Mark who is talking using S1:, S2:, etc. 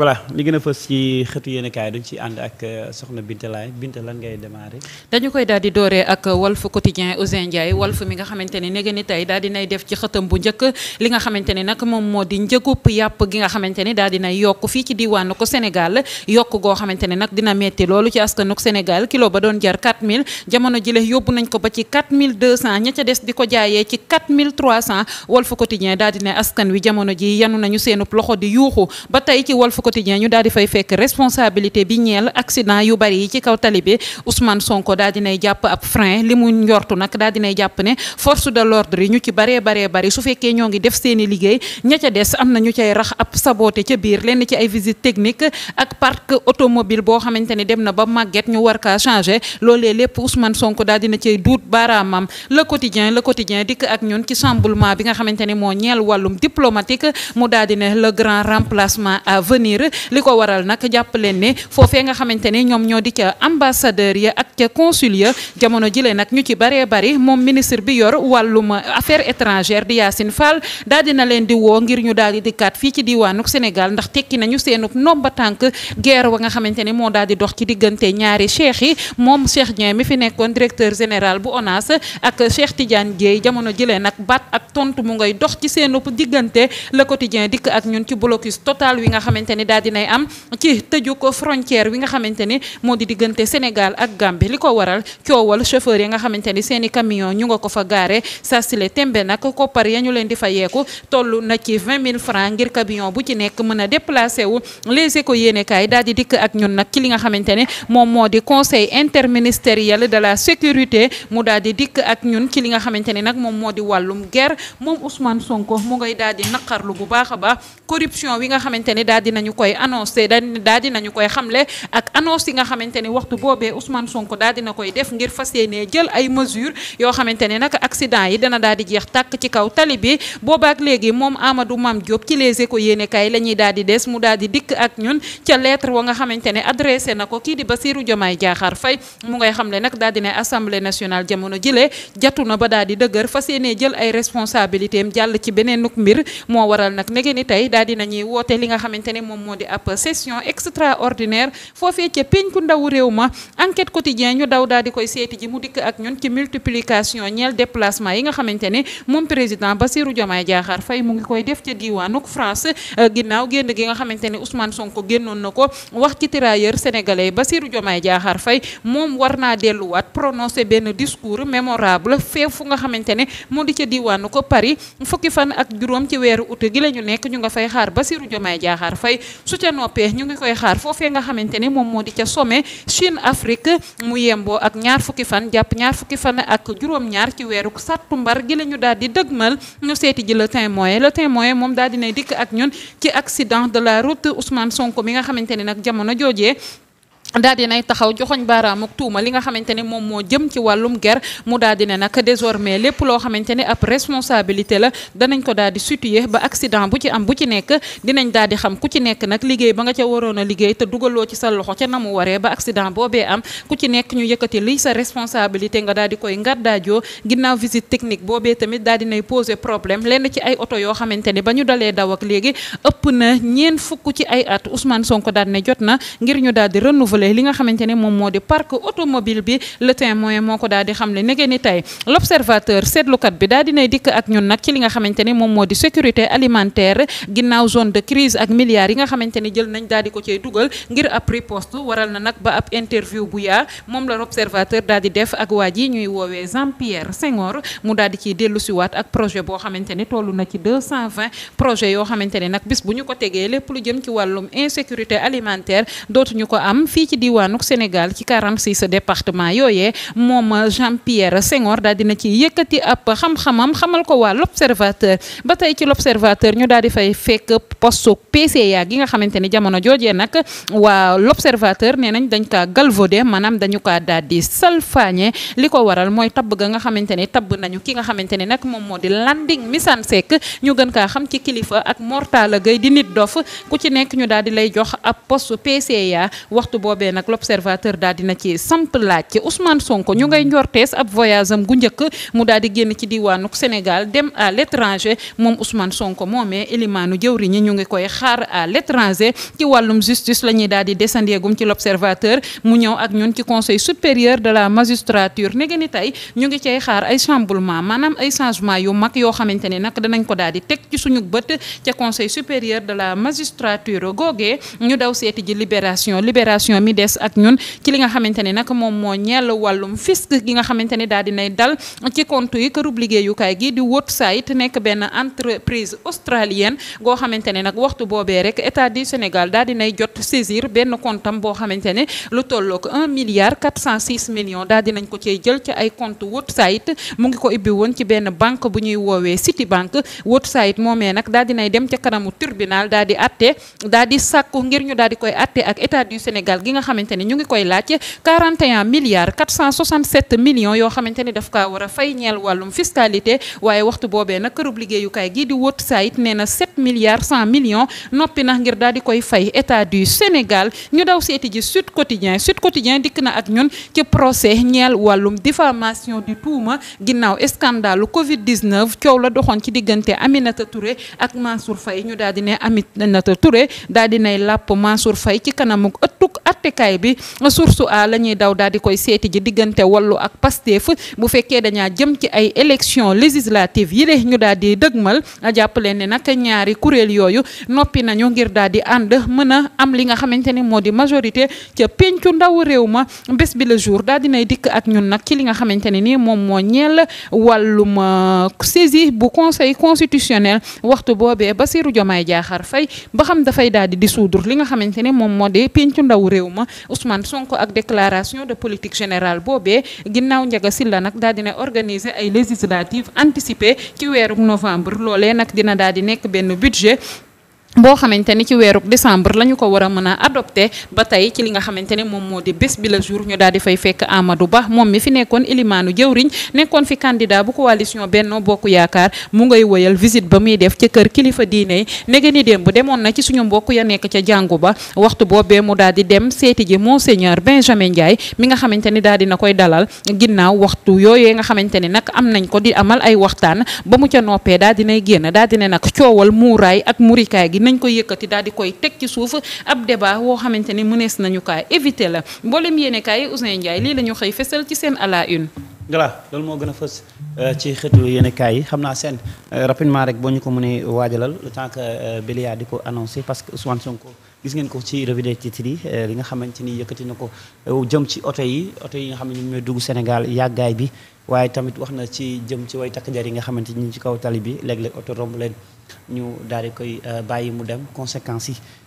S1: voilà li gën a fës ci xëtu yéen kaay duñ ci ànd ak euh, soxna Binta Laay Binta lan ngay démarrer. dañu koy daal di dooree ak Walf Quotidien Ousseyn Ndiaye Walf mi nga xamante ne néega ni tey daal dinay def ci xëtam bu njëkk li nga xamante ne nag moom moo di njëgub yàpp gi nga xamante ne daal dinay yokk fii ci diwaanu ko Sénégal yokk goo xamante ne nag dina metti loolu ci askanuk Sénégal kilo ba doon jar 4000 jamono jile yóbbu nañ ko ba ci 4200 ña ca des di ko jaayee ci 4300 Walf Quotidien daal dinay askan wi jamono ji yanu nañu seenub loxo di yuuxu quotidien ñu daal di fekk responsabilité bi ñeel accident yu bari yi ci kaw tali bi Ousmane Sonko daal dinay jàpp ab frein li mu njortu nag daal dinay jàpp ne force de l'ordre yi ñu ci baree baree bari su fekkee ñoo ngi def seeni i liggéey ña ca des am na ñu cay rax ab saboté ca biir lenn ci ay visite technique ak parc automobile boo xamante dem na ba màgget ñu war kaa changé loolee lépp Ousmane Sonko daal dina cay duut baaraamam le quotidien la quotidien dikk ak ñun ci chamboulement bi nga xamante ne moo ñeel wàllum tenir li ko waral nag jàpp leen ne foofee nga xamante ne ñoom ñoo di ca ambassadeur ya ak ca consul ya jamono jile nag ñu ci baree bari moom ministre bi yor wàllum affaires étrangères di Yacine Fall daal dina leen di woo ngir ñu daal di dikkaat fii ci diwaanuk Sénégal ndax tekki nañu seenub nomba tànk guerre wa nga xamante ne moo daal di dox ci diggante ñaari cheikh yi moom Cheikh Dieng mi fi nekkoon directeur général bu ONAS ak Cheikh tijaan Dieye jamono jëlee nag baat ak tontu mu ngay dox ci seenub diggante ni daal dinay am ci tëju ko frontière wi nga xamante ni moo di diggante Sénégal ak Gambie li ko waral coowal chauffeur yi nga xamante ni seen i camion ñu nga ko fa gaare saa sile tembe nag koppar ya ñu leen di fa yeeku toll na ci 20 000 francs ngir camion bu ci nekk mën a déplacé wu les éco yéenekaay daal di dikk ak ñun nag ci li nga xamante ne moom moo di conseil interministériel de la sécurité mu daal di dikk ak ñun ci li nga xamante ni nag moom moo di wàllum guerre moom Ousmane Sonko mu ngay daal di naqarlu bu baax a baax koy annoncé daal dinañu koy xamle ak annonce yi nga xamante ne waxtu boobee Ousmane Sonko daal dina koy def ngir fas yéenee jël ay mesures yoo xamante ne accident yi dana daal di jeex tàkk ci kaw tali bi boobaak léegi moom Amadou Mame Diop ci les échos yéenekaay la ñuy daal di des mu daal di dikk ak ñun ca lettre wa nga xamante ne adressé na ko kii di Bassirou Diomaye Diakhar Faye mu ngay xamle nag daal di ne assemblée nationale jamono jile jatu na ba daal di dëgër fas yéenee jël ay responsabilités am jàll ci beneen mbir moo waral nag nege ni tey daal di nañuy woote li nga moom moo di ab session extraordinaire foofee ca pénku ndaw réew ma enquête quotidien ñu daw daal di koy seeti ji mu dikk ak ñun ci multiplication ñeel déplacement yi nga xamante ne moom président Bassirou Diomaye Diakhar fay mu ngi koy def ca diwaanuk France euh, ginnaaw génn gi nga xamante ne Ousmane Sonko génnoon na ko wax ci tirailleur sénégalais Bassirou Diomaye Diakhar Faye moom war naa delluwaat prononcé benn discours mémorable fee fu nga xamante ne moo di ca diwaanu ko Paris fukki fan ak juróom ci weeru ut gi la ñu nekk ñu su ca noppee ñu ngi koy xaar foofee nga xamante ne moom moo di ca sommet Chine Afrique mu yemboo ak ñaar fukki fan jàpp ñaar fukki fan ak juróom-ñaar ci weeru sàttumbar gi la ñu daal di dëgmal ñu seeti ji le témoin le témoin moom daal dinay dikk ak ñun ci accident de la route Ousmane Sonko mi nga xamante ni nag jamono joojee daal di nay taxaw joxoñ baaraamuk tuuma li nga xamante ne moom moo jëm ci wàllum ger mu daal di ne nag désormais lépp loo xamante ne ab responsabilité la danañ ko daal di situer ba accident bu ci am bu ci nekk dinañ daal di xam ku ci nekk nag liggéey ba nga ca waroon a liggéey te dugaloo ci sa loxo ca na mu waree ba accident boobee am ku ci nekk ñu yëkkati liy sa responsabilité nga daal di koy ngardaajoo ginnaaw visite technique boobee tamit daal di nay poser problème lenn ci ay oto yoo xamante ne ba ñu dalee daw ak léegi ëpp na ñeen fukk ci ay at Ousmane Sonko daal ne jot na ngir ñu daal di lëkkale li nga xamante ne moom moo di parc automobile bi le témoin moo ko daal di xamle nege ni tey l' observateur seetlukat bi daal dinay dikk ak ñun nag ci li nga xamante ne moom moo di sécurité alimentaire ginnaaw zone de crise ak milliards yi nga xamante ne jël nañ daal di ko cay dugal ngir ab riposte waral na nag ba ab interview bu yaa moom la l' observateur daal di def ak waa ji ñuy woowee Jean Pierre Senghor mu daal di ciy dellu siwaat ak projet boo xamante ne toll na ci 220 projet yoo xamante ne nag ñu ko tegee lépp lu jëm ci wàllum insécurité alimentaire dootuñu ko ci diwaanuk Sénégal ci 46 département yooyee moom Jean Pierre Senghor daal dina ci yëkkati ab xam-xamam xamal ko waa l'observateur ba tey ci l'observateur ñu daal di fay fekk poste PCA gi nga xamante ni jamono joojee nag waa l'observateur nee nañ dañ kaa galvaudé maanaam dañu kaa daal di salfaañe li ko waral mooy tabb ga nga xamante ni tabb nañu ki nga xamante ni nag moom moo di Landing Misan Seck ñu gën kaa xam ci kilifa ak Mortala a di nit dof di lay boobee nag l'observateur daal dina ci samp laaj ci Ousmane Sonko ñu ngay njortees ab voyage am gu njëkk mu daal di génn ci diwaanu Sénégal dem à l'étranger moom Ousmane Sonko moomee élimaanu jëwriñi ñu ngi koy xaar à l'étranger ci wàllum justice la ñuy daal di desandeegum ci l'observateur mu ñëw ak ñun ci conseil supérieur de la magistrature nege ni tey ñu ngi cay xaar ay chamboulement maanaam ay changement yu mag yoo xamante ni nag danañ ko daal di teg ci suñu bët ca conseil supérieur de la magistrature googee ñu mi des ak ñun ci li nga xamante ne nag moom moo ñeel wàllum fisc gi nga xamante ne daal dinay dal ci compte yi kërub liggéeyukaay gi di Woodside nekk benn entreprise australienne goo xamante ne nag waxtu boobee rek état du Sénégal daal dinay jot saisir benn comptam boo xamante ne lu tollook 1 milliard 406 millions daal dinañ ko cee jël ci ay compte Woodside mu ngi ko ibbi woon ci benn banque bu ñuy woowee Citibank Woodside moomee nag daal dinay dem ca kanamu tribunal daal di atte daal di ñu daal di koy atte ak état nga xamante ni ñu ngi koy laaj 41 milliards 467 millions yoo xamante ni daf kaa war a fay ñeel wàllum fiscalité waaye waxtu boobee nag kërub liggéeyukaay gii di wóot saayit nee na 7 milliards 100 millions noppi na ngir daal di koy fay état du Sénégal ñu daw seeti ji Sud Quotidien Sud Quotidien dikk na ak ñun ci procès ñeel wàllum diffamation di tuuma ginnaaw scandalu Covid 19 coow la doxoon ci diggante Aminata Touré ak Mansour Faye ñu daal di ne Aminata Touré daal di nay làpp Mansour ci kanamuk ëttuk attekaay bi source a la ñuy daw daal di koy seeti ji diggante wallu ak Pastef bu fekkee dañaa jëm ci ay élection législative yi de ñu daal di dëgmal jàppaleen ne nag ñaari kuréel yooyu noppi nañu ngir daal di ànd mën a am li nga xamante ni moo di majorité ca pencu ndaw réew ma bés bi le jour daal dinay dikk ak ñun nag ci li nga xamante ne ni moom moo ñeel wàllum euh, saisie bu conseil constitutionnel waxtu boobee Bassirou Diomaye Diakhar Faye ba xam dafay daal di dissoudre li nga xamante ne moom moo di pencu ndaw réew ma ma Ousmane sonk ak déclaration de politique générale boobee ginnaaw njaga Sylla nag daal dina organiser ay législatives anticipées ci weeru novembre loolee nag dina daal di nekk benn budget boo xamante ni ci weeru décembre la ñu ko war a mën a adopté ba tey ci li nga xamante ne moom moo di bés bi jour ñu daal di fay fekk Amadou Ba moom mi fi nekkoon ilimaanu jëwriñ nekkoon fi candidat bu coalition Benno Bokk Yaakaar mu ngay woyal visite ba muy def ca kër kilifa diine yi nege ni démb demoon na ci suñu mbokk ya nekk ca jàngu ba waxtu boobee mu daal di dem seeti ji monseigneur Benjamin Ndiaye mi nga xamante ni daal dina koy dalal ginnaaw waxtu yooyee nga xamante ne nag am nañ ko di amal ay waxtaan ba mu ca noppee daal dinay génn daal dina nag coowal muuraay ak murikaay gi nañ ko yëkkati daal di koy teg ci suuf ab débat woo xamante ne mënees nañu kaa éviter la mboolem yéene kaay Ousseyn Ndiaye lii la ñu xëy fesal ci seen à une. voilà loolu moo gën a fës euh, ci xëtu yenn kaay yi xam naa seen euh, rapidement rek boo ñu ko mënee waajalal le temps que euh, Belia di ko annoncé parce que Ousmane Sonko gis ngeen ko ci revue des titres yi li nga xamante ni yëkkati na ko jëm ci oto yi oto yi nga xam ne ñoom ñooy dugg Sénégal yàggaay bi waaye tamit wax na ci jëm ci way takk jar yi nga xamante ni ci kaw tali bi léeg-léeg oto romb leen ñu daal di koy bàyyi mu dem conséquences yi.